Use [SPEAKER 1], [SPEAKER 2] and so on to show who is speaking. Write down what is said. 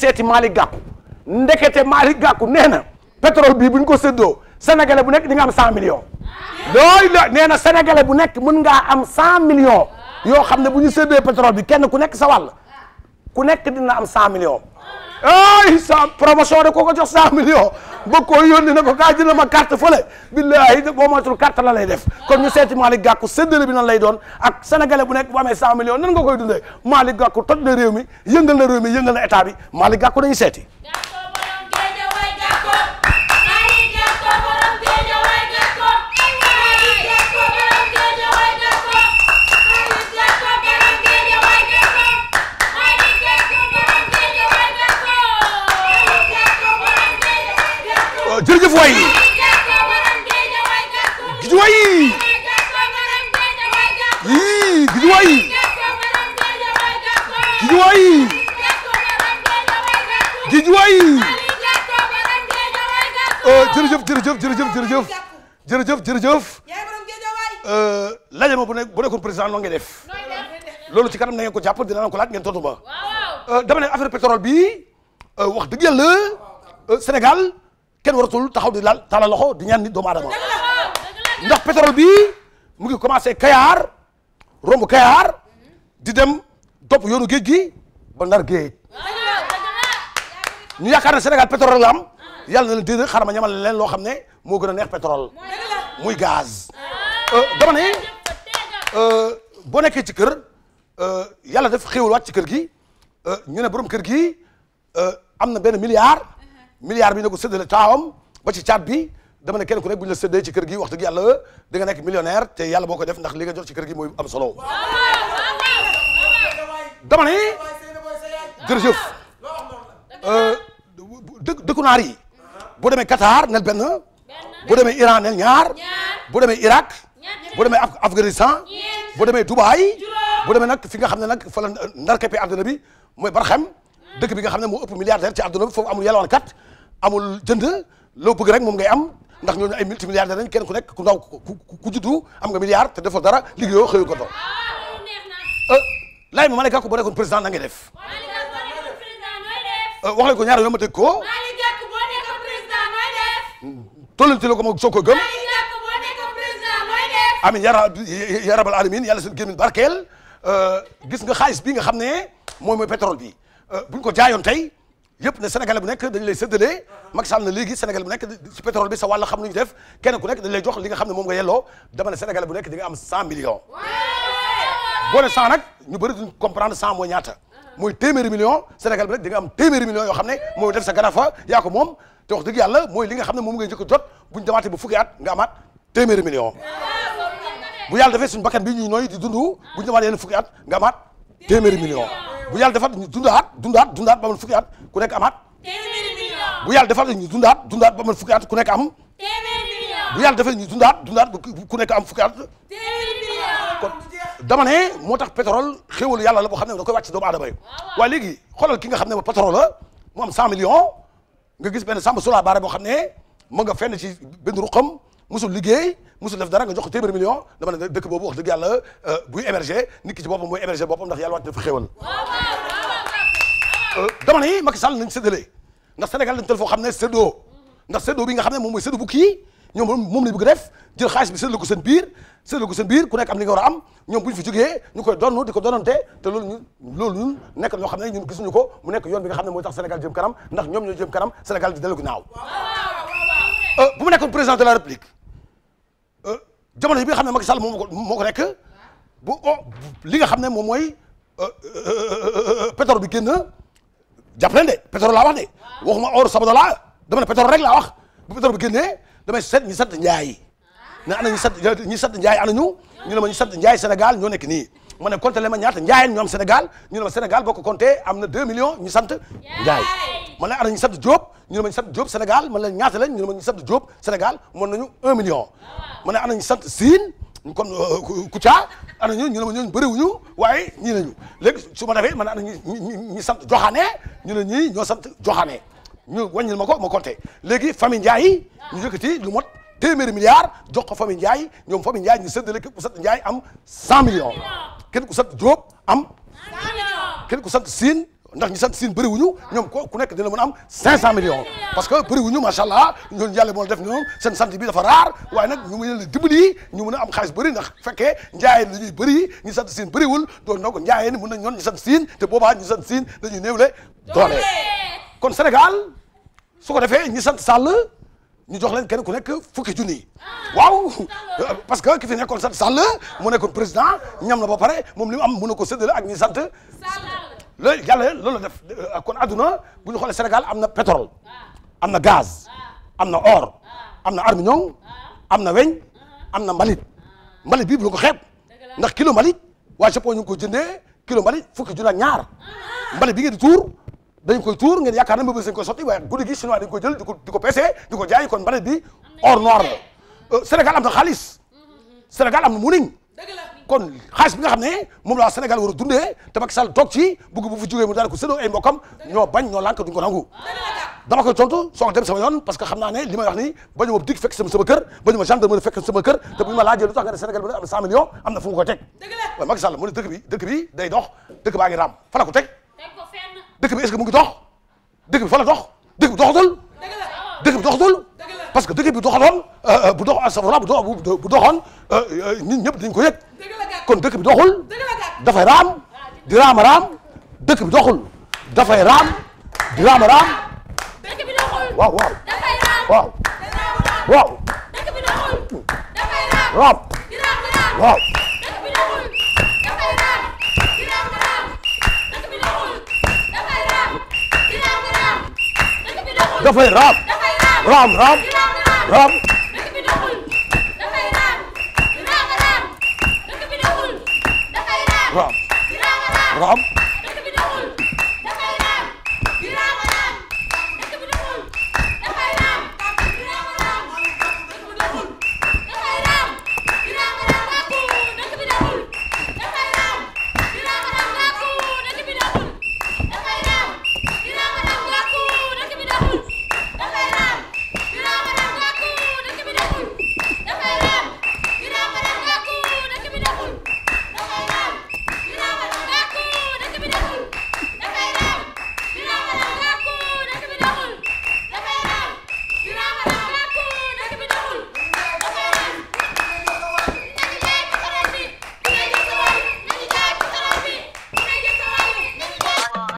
[SPEAKER 1] seeti Malick Gakou ndekete Malick Gakou nee na pétrole bii bu ñu ko séddoo sénégalais bu nekk dinga am cent millions loolu la nee na sénégalais bu nekk mën ngaa am cent millions yoo xam ne bu ñu séddoo pétrole bi kenn ku nekk sa wàll ku nekk dina am cent millions ay sa promotion de ko ko jox cent millions bëgg koo yónni na ko kaay dina ma carte fële billaahi boo moytul carte la lay def kon ñu seeti Malick Gakou séddale bi nan lay doon a sénégalais bu nekk bu amee cent millions nan nga koy dundee Malick Gakou toj na réew mi yëngal na réew mi yëngal na état bi Malick Gakou dañu seeti woyi gij woyi jërëjëf jërëjëf jërëjëf jërëjëf jërëjëf jërëjëf euh, laaj ma bu ne bu nekkoon président noo ngi def loolu ci kanam na ko jàpp dina na ko laaj ngeen tontu ma euh, dama ne affaire pétrole bi euh, wax dëgg yàlla Sénégal kenn waratul taxaw di laal loxo di ñaan nit doomu aadama ndax pétrole bi mu ngi commencé Kayar romb Kayar di dem topp yoonu géej gi ba ndar géej ñu yaakaar ne Sénégal pétrole la am yàlla na leen déedéet xaaral ma ñamal leen loo xam ne moo gën a neex pétrole muy gaz. Euh, dama ne euh, boo nekkee ci kër euh, yàlla def xéwal waat ci kër gi ñu ne borom kër gi am na benn milliard milliard bi ne ko séddale taawam ba ci caat bi dama ne kenn ku nekk bu ñu la séddee ci kër gi wax dëgg yàlla di nga nekk millionnaire te yàlla boo ko def ndax li nga jot ci kër gi mooy am solo dama jërëjëf euh, dë dëkku naar yi boo demee Qatar nel benn boo demee Iran nel ñaar boo demee Irak boo demee Af Afghanistan boo demee Dubaay boo demee nag fi nga xam ne nag fa la ndarkepe àdduna bi mooy Barxem dëkk bi nga xam ne moo ëpp milliardaire ci àdduna bi foofu amul yalwaan kat amul jënd loo bëgg rek moom ngay am ndax ñooñu ay multi milliardaire lañ kenn ku nekk ku ndaw ku juddu am nga milliard te defoo dara liggéeyoo xëyu ko doon. Euh, laaj bi ma ne kàkku boo président na ngay def. Euh, wax leen ko ñaar yoon ma dégg ko. Malick Gakou boo nekkoon président nooy def. tollante la ko ma soog ko gëm. Malick Gakou boo nekkoon président nooy def. amiin yaa rabbi yaa rabbal alamin yàlla seen gémmiñ barkeel euh, gis nga xaalis bi nga xam ne mooy mooy pétrole bi euh, buñ ko jaayoon tey yëpp ne sénégalais bu nekk dañ lay séddale Macky Sall na léegi sénégalais bu nekk si pétrole bi sa wàll xam lu ñu def kenn ku nekk dañ lay jox li nga xam ne moom nga yelloo dama ne sénégalais bu nekk di nga am 100 millions. boo ne 100 nag ñu bëri duñ comprendre 100 mooy ñaata. mooy téeméeri million Sénégal bi rek am téeméeri million yoo xam ne mooy def sa garafa yaa ko moom te wax dëgg yàlla mooy li nga xam ne moom ngay njëkk jot buñ demaatee ba fukki at nga amaat téeméeri million bu yàlla defee suñu bakkan bi ñuy nooy di dund buñ demaatee yenn fukki at nga amaat téeméeri bu yàlla defaat ñu dundaat dundaat dundaat ba man fukki at ku nekk amaat bu yàlla defal ñu dundaat dundaat ba man at ku nekk am bu yàlla defal ñu dundaat dundaat ku nekk am fukki at dama ne moo tax pétrole xéwalu yàlla la boo xam ne da koy wàcc si doomu aadama yi waaye léegi xoolal ki nga xam ne ba pétrole la mu am cent nga gis benn sàmb sula baare boo xam ne mu nga fenn ci benn ruqam musul liggéey musul def dara nga jox ko téeméeri million dama ne dëkk boobu wax dëgg yàlla euh, buy émerger nit ki ci boppam mooy émerger boppam ndax yàlla wàcc dafa xéwal euh, dama ne Macky Sall nañ séddale ndax Sénégal dañ tel foo xam ne séddoo ndax séddoo bi nga xam ne moom mooy séddu bu kii ñoom moom lañ bëgg def jël xaalis bi seetlu ko seen biir seetlu ko seen biir ku nekk am li nga war am ñoom bu ñu fi jógee ñu koy doon di ko doonante te loolu ñu loolu ñun nekk ñoo xam ne ñun gisuñu ko mu nekk yoon bi nga xam ne mooy tax Sénégal jëm kanam ndax ñoom ñoo jëm kanam Sénégal di dellu ginnaaw euh, bu mu nekkoon président de la République euh, jamono yi xam ne Macky Sall moom moo ko moo ko nekk bu oh, li nga xam ne moom mooy euh, pétrole bi génn jàpp leen de pétrole laa wax de waxuma or sabadala dama ne pétrole rek wax bu pétrole bi génnee damay seet ñi sant Njaay ne ana ñi sant ñi sant Njaay ana ñu ñu ne ma ñi sant Njaay Sénégal ñoo nekk nii ma ne compté le ma ñaata Njaayeen ñoo am Sénégal ñu ne ma Sénégal boo ko am na 2 millions ñu sant Njaay ma ne ana ñi sant Diop ñu ne ma ñu sant Diop Sénégal ma ne ñaata lañ ñu ne ma ñu sant Diop Sénégal mën nañu 1 million ma ne ana ñi sant Sine kon euh, Kouthia ana ñu ñu ne ma ñooñu bëriwuñu waaye ñii nañu ma defee ma ne ana ñi sant Joxaane ñu ne ñii ñoo sant Joxaane ñu wàññil ma ko ma compté léegi famille Ndiaye ñu yëkkati lu mot téeméeri milliards jox ko famille Ndiaye ñoom famille Ndiaye ñu séddale képp ku sant Ndiaye am 100 millions kenn ku sant Diop am kenn ku sant Sine ndax ñu sant Sine bëri wuñu ñoom ko ku nekk dina mën a am 500 millions parce que bëri wuñu macha allah ñooñu yàlla moo def ñoom seen sant bi dafa raar waaye nag ñu mën leen dimbali ñu mën am xaalis bari ndax fekkee Ndiaye li ñu bëri ñu sant Sine bëriwul doon na ko Ndiaye ni mën nañ ñoon ñu sant Sine te boobaa ñu sant Sine dañuy néewle doole kon Sénégal su ko defee ñi sant Sall ñu jox leen kenn ku nekk fukki junni waaw parce que ki fi nekkoon sant Sall mu nekkoon président ñam na ba pare moom li am mën na ko séddale ak ñi sant loolu yàlla loolu bu ñu xoolee Sénégal am na pétrole am na gaz am na or am na armignon am na weñ am na mbalit mbalit bi bu la ko xeeb ndax kilo mbalit waa Japon ñu ngi ko jëndee kilo mbalit fukki junni ak ñaar mbalit bi ngeen di tuur dañ koy tuur ngeen yaakaar na mbëbës dañ koy sotti waaye guddi gi chinois dañ koy di ko di di ko jaay kon mbalit bi or noir euh, Sénégal am na xaalis Sénégal am na munin kon xaalis bi nga xam ne moom la Sénégal war dunde dundee te Macky Sall toog ci bugg bu fi jógee mu daal ko séddoo ay mbokkam ñoo bañ ñoo lànk duñ nangu dama koy tontu soog dem sama parce que xam naa ne li may wax ni bañu ma dig fekk sama sama kër bañu ma gendarmerie fekk sama kër te bu ñu ma laajee lu tax nga ne Sénégal bi ne am na 100 ko teg dëkk bi est-ce que mu ngi dox dëkk bi fa dox dëkk bi doxatul. dëkk bi doxatul. parce que dëkk bi euh, euh, dox astafurlah bu dox bu doxoon euh, nit ko yëg. kon dëkk bi doxul. dafay raam di raam a raam dëkk bi doxul dafay raam di bi doxul waaw bi doxul. dafay dafay raam. raam raam raam. raam. raam.